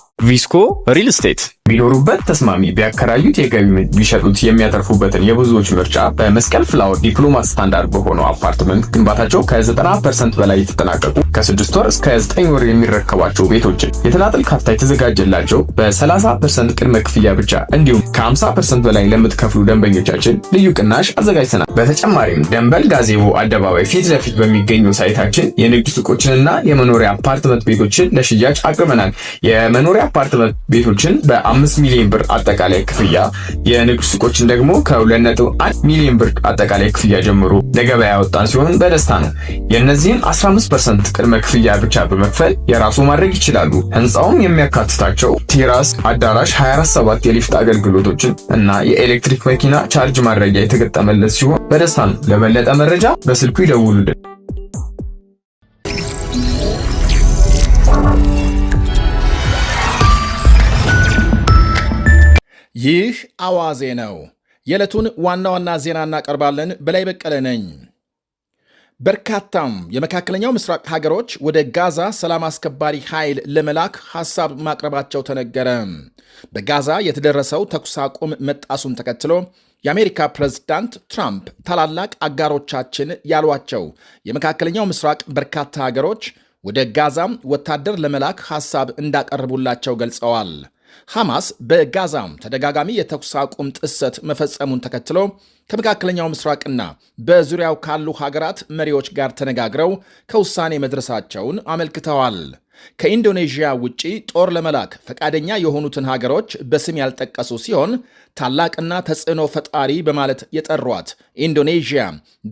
あ ቪስኮ ሪል ስቴት ቢኖሩበት ተስማሚ ቢያከራዩት የገቢ ቢሸጡት የሚያተርፉበትን የብዙዎች ምርጫ በመስቀል ፍላወር ዲፕሎማት ስታንዳርድ በሆነው አፓርትመንት ግንባታቸው ከ90 ፐርሰንት በላይ የተጠናቀቁ ከ6 ወር እስከ 9 ወር የሚረከቧቸው ቤቶችን የተናጠል ካፍታ የተዘጋጀላቸው በ30 ፐርሰንት ቅድመ ክፍያ ብቻ እንዲሁም ከ50 ፐርሰንት በላይ ለምትከፍሉ ደንበኞቻችን ልዩ ቅናሽ አዘጋጅተናል። በተጨማሪም ደንበል ጋዜቦ አደባባይ ፊት ለፊት በሚገኘው ሳይታችን የንግድ ሱቆችንና የመኖሪያ አፓርትመንት ቤቶችን ለሽያጭ አቅርበናል። የመኖሪያ የአፓርትመንት ቤቶችን በ5 ሚሊዮን ብር አጠቃላይ ክፍያ የንግድ ሱቆችን ደግሞ ከ2.1 ሚሊዮን ብር አጠቃላይ ክፍያ ጀምሮ ለገበያ ያወጣን ሲሆን በደስታ ነው። የእነዚህን 15% ቅድመ ክፍያ ብቻ በመክፈል የራሱ ማድረግ ይችላሉ። ህንፃውም የሚያካትታቸው ቴራስ፣ አዳራሽ፣ 247 የሊፍት አገልግሎቶችን እና የኤሌክትሪክ መኪና ቻርጅ ማድረጊያ የተገጠመለት ሲሆን በደስታ ነው። ለበለጠ መረጃ በስልኩ ይደውሉልን። ይህ አዋዜ ነው። የዕለቱን ዋና ዋና ዜና እናቀርባለን። በላይ በቀለ ነኝ። በርካታም የመካከለኛው ምስራቅ ሀገሮች ወደ ጋዛ ሰላም አስከባሪ ኃይል ለመላክ ሐሳብ ማቅረባቸው ተነገረ። በጋዛ የተደረሰው ተኩስ አቁም መጣሱን ተከትሎ የአሜሪካ ፕሬዝዳንት ትራምፕ ታላላቅ አጋሮቻችን ያሏቸው የመካከለኛው ምስራቅ በርካታ ሀገሮች ወደ ጋዛም ወታደር ለመላክ ሐሳብ እንዳቀርቡላቸው ገልጸዋል። ሐማስ በጋዛ ተደጋጋሚ የተኩስ አቁም ጥሰት መፈጸሙን ተከትሎ ከመካከለኛው ምስራቅና በዙሪያው ካሉ ሀገራት መሪዎች ጋር ተነጋግረው ከውሳኔ መድረሳቸውን አመልክተዋል። ከኢንዶኔዥያ ውጪ ጦር ለመላክ ፈቃደኛ የሆኑትን ሀገሮች በስም ያልጠቀሱ ሲሆን ታላቅና ተጽዕኖ ፈጣሪ በማለት የጠሯት ኢንዶኔዥያ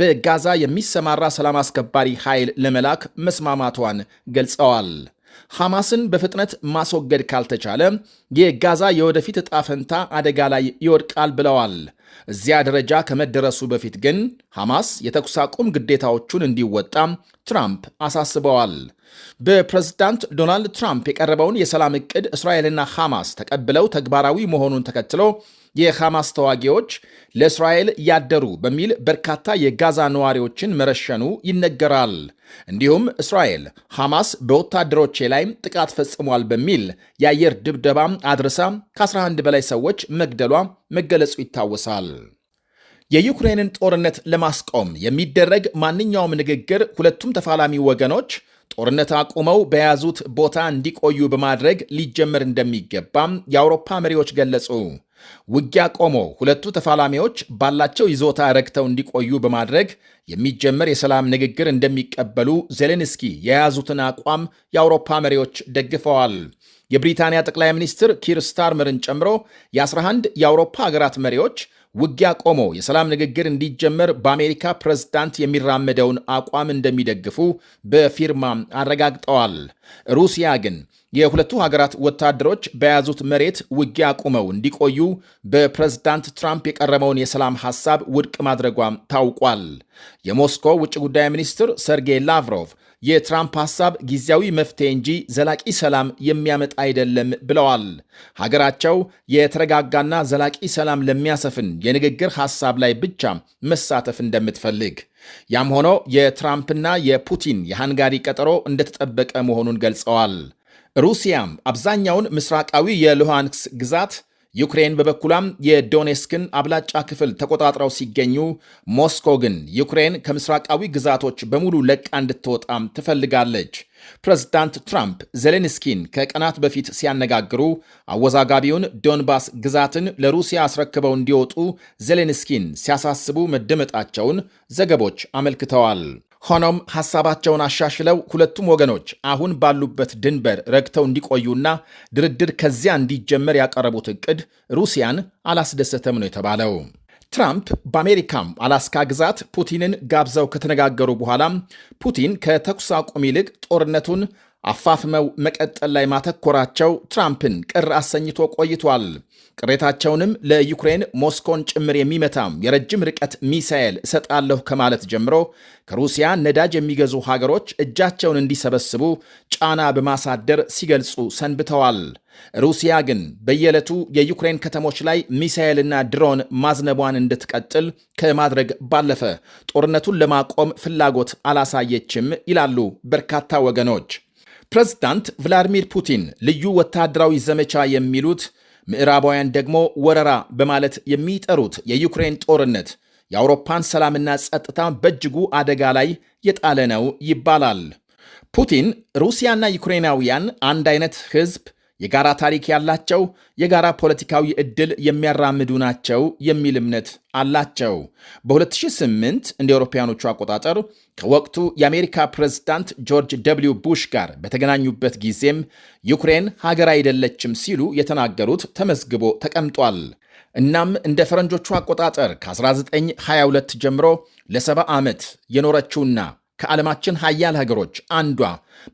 በጋዛ የሚሰማራ ሰላም አስከባሪ ኃይል ለመላክ መስማማቷን ገልጸዋል። ሐማስን በፍጥነት ማስወገድ ካልተቻለ የጋዛ የወደፊት ዕጣ ፈንታ አደጋ ላይ ይወድቃል ብለዋል። እዚያ ደረጃ ከመደረሱ በፊት ግን ሐማስ የተኩስ አቁም ግዴታዎቹን እንዲወጣ ትራምፕ አሳስበዋል። በፕሬዝዳንት ዶናልድ ትራምፕ የቀረበውን የሰላም ዕቅድ እስራኤልና ሐማስ ተቀብለው ተግባራዊ መሆኑን ተከትሎ የሐማስ ተዋጊዎች ለእስራኤል ያደሩ በሚል በርካታ የጋዛ ነዋሪዎችን መረሸኑ ይነገራል። እንዲሁም እስራኤል ሐማስ በወታደሮቼ ላይም ጥቃት ፈጽሟል በሚል የአየር ድብደባ አድርሳ ከ11 በላይ ሰዎች መግደሏ መገለጹ ይታወሳል። የዩክሬንን ጦርነት ለማስቆም የሚደረግ ማንኛውም ንግግር ሁለቱም ተፋላሚ ወገኖች ጦርነት አቁመው በያዙት ቦታ እንዲቆዩ በማድረግ ሊጀመር እንደሚገባም የአውሮፓ መሪዎች ገለጹ። ውጊያ ቆሞ ሁለቱ ተፋላሚዎች ባላቸው ይዞታ ረግተው እንዲቆዩ በማድረግ የሚጀመር የሰላም ንግግር እንደሚቀበሉ ዜሌንስኪ የያዙትን አቋም የአውሮፓ መሪዎች ደግፈዋል። የብሪታንያ ጠቅላይ ሚኒስትር ኪር ስታርመርን ጨምሮ የ11 የአውሮፓ ሀገራት መሪዎች ውጊያ ቆሞ የሰላም ንግግር እንዲጀመር በአሜሪካ ፕሬዝዳንት የሚራመደውን አቋም እንደሚደግፉ በፊርማ አረጋግጠዋል። ሩሲያ ግን የሁለቱ ሀገራት ወታደሮች በያዙት መሬት ውጊያ ቆመው እንዲቆዩ በፕሬዝዳንት ትራምፕ የቀረበውን የሰላም ሐሳብ ውድቅ ማድረጓ ታውቋል። የሞስኮ ውጭ ጉዳይ ሚኒስትር ሰርጌይ ላቭሮቭ የትራምፕ ሐሳብ ጊዜያዊ መፍትሄ እንጂ ዘላቂ ሰላም የሚያመጣ አይደለም ብለዋል። ሀገራቸው የተረጋጋና ዘላቂ ሰላም ለሚያሰፍን የንግግር ሐሳብ ላይ ብቻ መሳተፍ እንደምትፈልግ ያም ሆኖ የትራምፕና የፑቲን የሃንጋሪ ቀጠሮ እንደተጠበቀ መሆኑን ገልጸዋል። ሩሲያም አብዛኛውን ምስራቃዊ የሉሃንክስ ግዛት ዩክሬን በበኩሏም የዶኔስክን አብላጫ ክፍል ተቆጣጥረው ሲገኙ ሞስኮ ግን ዩክሬን ከምስራቃዊ ግዛቶች በሙሉ ለቃ እንድትወጣም ትፈልጋለች። ፕሬዝዳንት ትራምፕ ዜሌንስኪን ከቀናት በፊት ሲያነጋግሩ አወዛጋቢውን ዶንባስ ግዛትን ለሩሲያ አስረክበው እንዲወጡ ዜሌንስኪን ሲያሳስቡ መደመጣቸውን ዘገቦች አመልክተዋል። ሆኖም ሐሳባቸውን አሻሽለው ሁለቱም ወገኖች አሁን ባሉበት ድንበር ረግተው እንዲቆዩና ድርድር ከዚያ እንዲጀመር ያቀረቡት እቅድ ሩሲያን አላስደሰተም ነው የተባለው። ትራምፕ በአሜሪካም አላስካ ግዛት ፑቲንን ጋብዘው ከተነጋገሩ በኋላም ፑቲን ከተኩስ አቁም ይልቅ ጦርነቱን አፋፍመው መቀጠል ላይ ማተኮራቸው ትራምፕን ቅር አሰኝቶ ቆይቷል። ቅሬታቸውንም ለዩክሬን ሞስኮን ጭምር የሚመታም የረጅም ርቀት ሚሳኤል እሰጣለሁ ከማለት ጀምሮ ከሩሲያ ነዳጅ የሚገዙ ሀገሮች እጃቸውን እንዲሰበስቡ ጫና በማሳደር ሲገልጹ ሰንብተዋል። ሩሲያ ግን በየዕለቱ የዩክሬን ከተሞች ላይ ሚሳኤልና ድሮን ማዝነቧን እንድትቀጥል ከማድረግ ባለፈ ጦርነቱን ለማቆም ፍላጎት አላሳየችም ይላሉ በርካታ ወገኖች። ፕሬዝዳንት ቭላዲሚር ፑቲን ልዩ ወታደራዊ ዘመቻ የሚሉት ምዕራባውያን ደግሞ ወረራ በማለት የሚጠሩት የዩክሬን ጦርነት የአውሮፓን ሰላምና ጸጥታ በእጅጉ አደጋ ላይ የጣለ ነው ይባላል። ፑቲን ሩሲያና ዩክሬናውያን አንድ አይነት ህዝብ። የጋራ ታሪክ ያላቸው፣ የጋራ ፖለቲካዊ ዕድል የሚያራምዱ ናቸው የሚል እምነት አላቸው። በ2008 እንደ አውሮፓውያኖቹ አቆጣጠር ከወቅቱ የአሜሪካ ፕሬዝዳንት ጆርጅ ደብሊው ቡሽ ጋር በተገናኙበት ጊዜም ዩክሬን ሀገር አይደለችም ሲሉ የተናገሩት ተመዝግቦ ተቀምጧል። እናም እንደ ፈረንጆቹ አቆጣጠር ከ1922 ጀምሮ ለ 7 ዓመት የኖረችውና ከዓለማችን ሀያል ሀገሮች አንዷ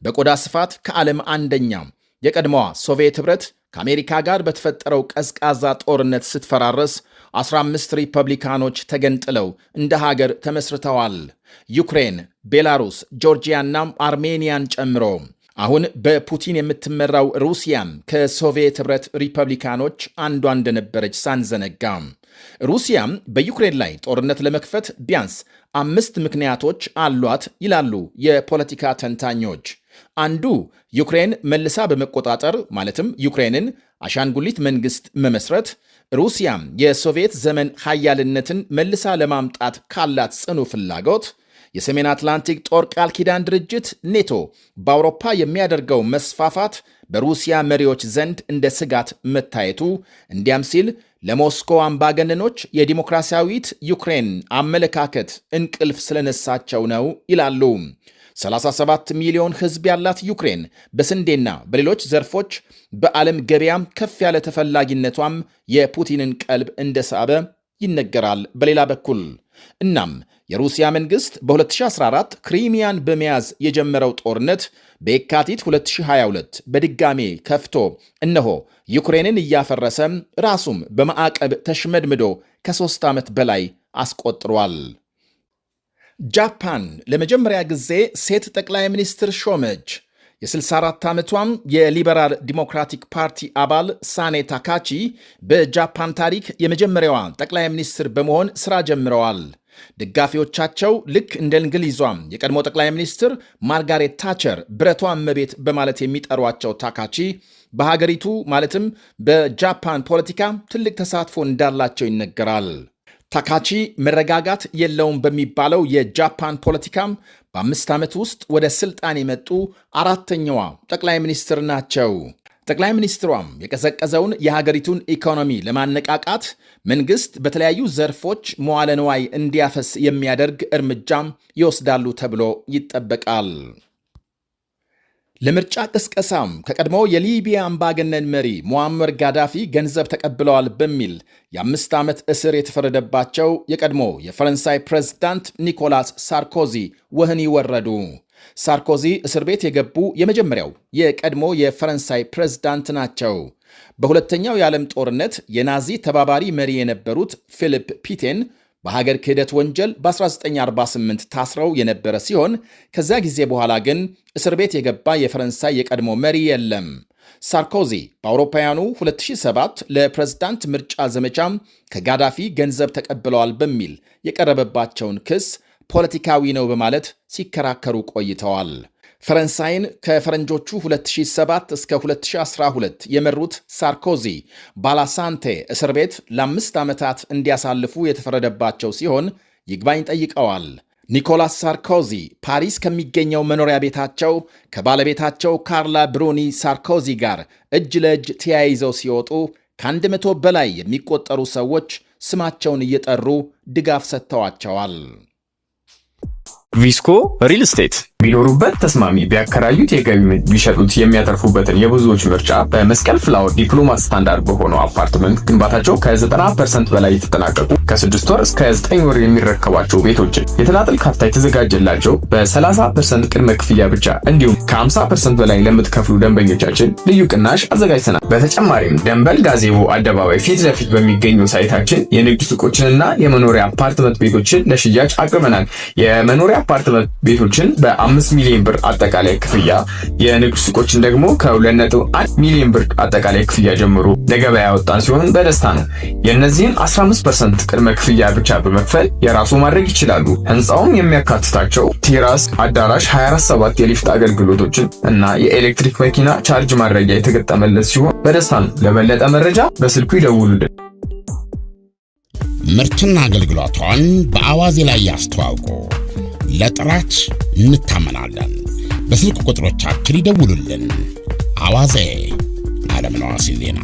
በቆዳ ስፋት ከዓለም አንደኛ የቀድሞዋ ሶቪየት ኅብረት ከአሜሪካ ጋር በተፈጠረው ቀዝቃዛ ጦርነት ስትፈራረስ 15 ሪፐብሊካኖች ተገንጥለው እንደ ሀገር ተመስርተዋል። ዩክሬን፣ ቤላሩስ፣ ጆርጂያና አርሜኒያን ጨምሮ አሁን በፑቲን የምትመራው ሩሲያም ከሶቪየት ኅብረት ሪፐብሊካኖች አንዷ እንደነበረች ሳንዘነጋ ሩሲያም በዩክሬን ላይ ጦርነት ለመክፈት ቢያንስ አምስት ምክንያቶች አሏት ይላሉ የፖለቲካ ተንታኞች። አንዱ ዩክሬን መልሳ በመቆጣጠር ማለትም ዩክሬንን አሻንጉሊት መንግስት መመስረት፣ ሩሲያ የሶቪየት ዘመን ሀያልነትን መልሳ ለማምጣት ካላት ጽኑ ፍላጎት የሰሜን አትላንቲክ ጦር ቃል ኪዳን ድርጅት ኔቶ በአውሮፓ የሚያደርገው መስፋፋት በሩሲያ መሪዎች ዘንድ እንደ ስጋት መታየቱ እንዲያም ሲል ለሞስኮ አምባገነኖች የዲሞክራሲያዊት ዩክሬን አመለካከት እንቅልፍ ስለነሳቸው ነው ይላሉ። 37 ሚሊዮን ሕዝብ ያላት ዩክሬን በስንዴና በሌሎች ዘርፎች በዓለም ገበያ ከፍ ያለ ተፈላጊነቷም የፑቲንን ቀልብ እንደሳበ ይነገራል። በሌላ በኩል እናም የሩሲያ መንግሥት በ2014 ክሪሚያን በመያዝ የጀመረው ጦርነት በየካቲት 2022 በድጋሜ ከፍቶ እነሆ ዩክሬንን እያፈረሰ ራሱም በማዕቀብ ተሽመድምዶ ከሦስት ዓመት በላይ አስቆጥሯል። ጃፓን ለመጀመሪያ ጊዜ ሴት ጠቅላይ ሚኒስትር ሾመች። የ64 ዓመቷም የሊበራል ዲሞክራቲክ ፓርቲ አባል ሳኔ ታካቺ በጃፓን ታሪክ የመጀመሪያዋ ጠቅላይ ሚኒስትር በመሆን ሥራ ጀምረዋል። ደጋፊዎቻቸው ልክ እንደ እንግሊዟም የቀድሞ ጠቅላይ ሚኒስትር ማርጋሬት ታቸር ብረቷ እመቤት በማለት የሚጠሯቸው ታካቺ በሀገሪቱ ማለትም በጃፓን ፖለቲካ ትልቅ ተሳትፎ እንዳላቸው ይነገራል። ታካቺ መረጋጋት የለውም በሚባለው የጃፓን ፖለቲካም በአምስት ዓመት ውስጥ ወደ ስልጣን የመጡ አራተኛዋ ጠቅላይ ሚኒስትር ናቸው። ጠቅላይ ሚኒስትሯም የቀዘቀዘውን የሀገሪቱን ኢኮኖሚ ለማነቃቃት መንግስት በተለያዩ ዘርፎች መዋለ ንዋይ እንዲያፈስ የሚያደርግ እርምጃም ይወስዳሉ ተብሎ ይጠበቃል። ለምርጫ ቅስቀሳም ከቀድሞው የሊቢያ አምባገነን መሪ ሙአመር ጋዳፊ ገንዘብ ተቀብለዋል በሚል የአምስት ዓመት እስር የተፈረደባቸው የቀድሞ የፈረንሳይ ፕሬዝዳንት ኒኮላስ ሳርኮዚ ወህኒ ወረዱ። ሳርኮዚ እስር ቤት የገቡ የመጀመሪያው የቀድሞ የፈረንሳይ ፕሬዝዳንት ናቸው። በሁለተኛው የዓለም ጦርነት የናዚ ተባባሪ መሪ የነበሩት ፊሊፕ ፒቴን በሀገር ክህደት ወንጀል በ1948 ታስረው የነበረ ሲሆን ከዚያ ጊዜ በኋላ ግን እስር ቤት የገባ የፈረንሳይ የቀድሞ መሪ የለም። ሳርኮዚ በአውሮፓውያኑ 2007 ለፕሬዝዳንት ምርጫ ዘመቻ ከጋዳፊ ገንዘብ ተቀብለዋል በሚል የቀረበባቸውን ክስ ፖለቲካዊ ነው በማለት ሲከራከሩ ቆይተዋል። ፈረንሳይን ከፈረንጆቹ 2007 እስከ 2012 የመሩት ሳርኮዚ ባላሳንቴ እስር ቤት ለአምስት ዓመታት እንዲያሳልፉ የተፈረደባቸው ሲሆን ይግባኝ ጠይቀዋል። ኒኮላስ ሳርኮዚ ፓሪስ ከሚገኘው መኖሪያ ቤታቸው ከባለቤታቸው ካርላ ብሩኒ ሳርኮዚ ጋር እጅ ለእጅ ተያይዘው ሲወጡ ከአንድ መቶ በላይ የሚቆጠሩ ሰዎች ስማቸውን እየጠሩ ድጋፍ ሰጥተዋቸዋል። ቪስኮ ሪል ስቴት ቢኖሩበት ተስማሚ ቢያከራዩት የገቢ ቢሸጡት የሚያተርፉበትን የብዙዎች ምርጫ በመስቀል ፍላወር ዲፕሎማ ስታንዳርድ በሆነው አፓርትመንት ግንባታቸው ከ90 ፐርሰንት በላይ የተጠናቀቁ ከ6 ወር እስከ 9 ወር የሚረከቧቸው ቤቶችን የተናጥል ካርታ የተዘጋጀላቸው በ30 ፐርሰንት ቅድመ ክፍያ ብቻ እንዲሁም ከ50 ፐርሰንት በላይ ለምትከፍሉ ደንበኞቻችን ልዩ ቅናሽ አዘጋጅተናል። በተጨማሪም ደንበል ጋዜቦ አደባባይ ፊት ለፊት በሚገኘው ሳይታችን የንግድ ሱቆችንና የመኖሪያ አፓርትመንት ቤቶችን ለሽያጭ አቅርበናል። የመኖሪያ አፓርትመንት ቤቶችን በ5 ሚሊዮን ብር አጠቃላይ ክፍያ የንግድ ሱቆችን ደግሞ ከ21 ሚሊዮን ብር አጠቃላይ ክፍያ ጀምሮ ለገበያ ያወጣን ሲሆን በደስታ ነው። የእነዚህን 15 ፐርሰንት ቅድመ ክፍያ ብቻ በመክፈል የራሱ ማድረግ ይችላሉ። ህንፃውም የሚያካትታቸው ቴራስ፣ አዳራሽ፣ 247 የሊፍት አገልግሎቶችን እና የኤሌክትሪክ መኪና ቻርጅ ማድረጊያ የተገጠመለት ሲሆን በደስታ ነው። ለበለጠ መረጃ በስልኩ ይደውሉልን። ምርትና አገልግሎቷን በአዋዜ ላይ ያስተዋውቁ። ለጥራች እንታመናለን። በስልክ ቁጥሮቻችን ይደውሉልን። አዋዜ አለምነህ ዋሴ ዜና